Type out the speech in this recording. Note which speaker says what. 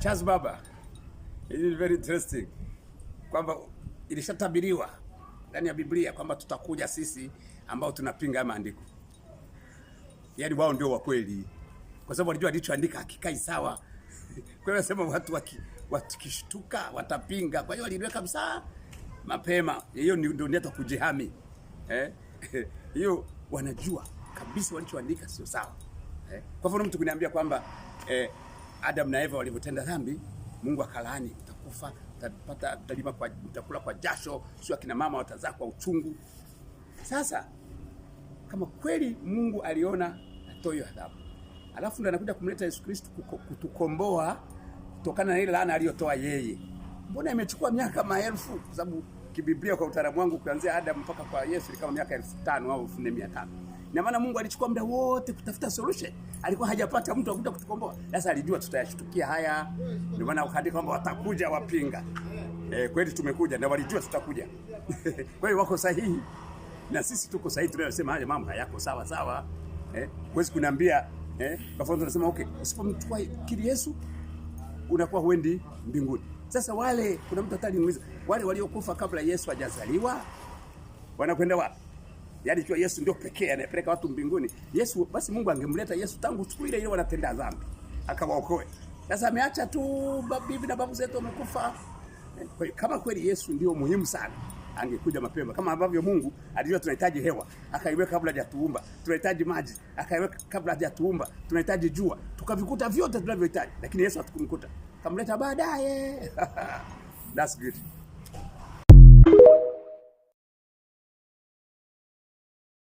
Speaker 1: Charles Baba. It is very interesting kwamba ilishatabiriwa ndani ya Biblia kwamba tutakuja sisi ambao tunapinga maandiko, yaani wao ndio wa kweli, kwa sababu walijua alichoandika hakikai sawa. Kwa hiyo sema watu waki, wakishtuka watapinga. Kwa hiyo walielewa kabisa mapema, hiyo ndio ndio kujihami eh, hiyo wanajua kabisa walichoandika sio sawa eh. Kwa mfano mtu kuniambia kwamba eh, Adam na Eva walivyotenda dhambi, Mungu akalaani, utakufa, utapata, utalima kwa, utakula kwa jasho, sio akina mama watazaa kwa uchungu. Sasa kama kweli Mungu aliona atoyo adhabu, alafu ndo anakuja kumleta Yesu Kristo kutukomboa kutokana na ile laana aliyotoa yeye, mbona imechukua miaka maelfu? Kwa sababu kibiblia, kwa utaalamu wangu, kuanzia Adam mpaka kwa Yesu ni kama miaka elfu tano au elfu nne mia tano na maana Mungu alichukua muda wote kutafuta solution, alikuwa hajapata mtu akuta kutukomboa. Sasa alijua tutayashtukia haya, ndio maana akaandika kwamba watakuja wapinga. Eh, kweli tumekuja na walijua tutakuja. Kwa hiyo wako sahihi na sisi tuko sahihi tunayosema haya mambo hayako sawa sawa. Eh, huwezi kuniambia eh, kwa mfano tunasema okay, usipomchukua kili Yesu unakuwa huendi mbinguni. Sasa wale kuna mtu hatari niuliza, wale waliokufa kabla Yesu hajazaliwa wanakwenda wapi? Yaani ikiwa Yesu ndio pekee anayepeleka watu mbinguni. Yesu basi Mungu angemleta Yesu tangu siku ile ile wanatenda dhambi akawaokoe. Sasa ameacha tu bibi na babu zetu wamekufa. Eh, kama kweli Yesu ndio muhimu sana angekuja mapema, kama ambavyo Mungu alijua tunahitaji hewa akaiweka kabla hajatuumba, tunahitaji maji akaiweka kabla hajatuumba, tunahitaji jua, tukavikuta vyote tunavyohitaji, lakini Yesu hatukumkuta, kamleta baadaye. That's good.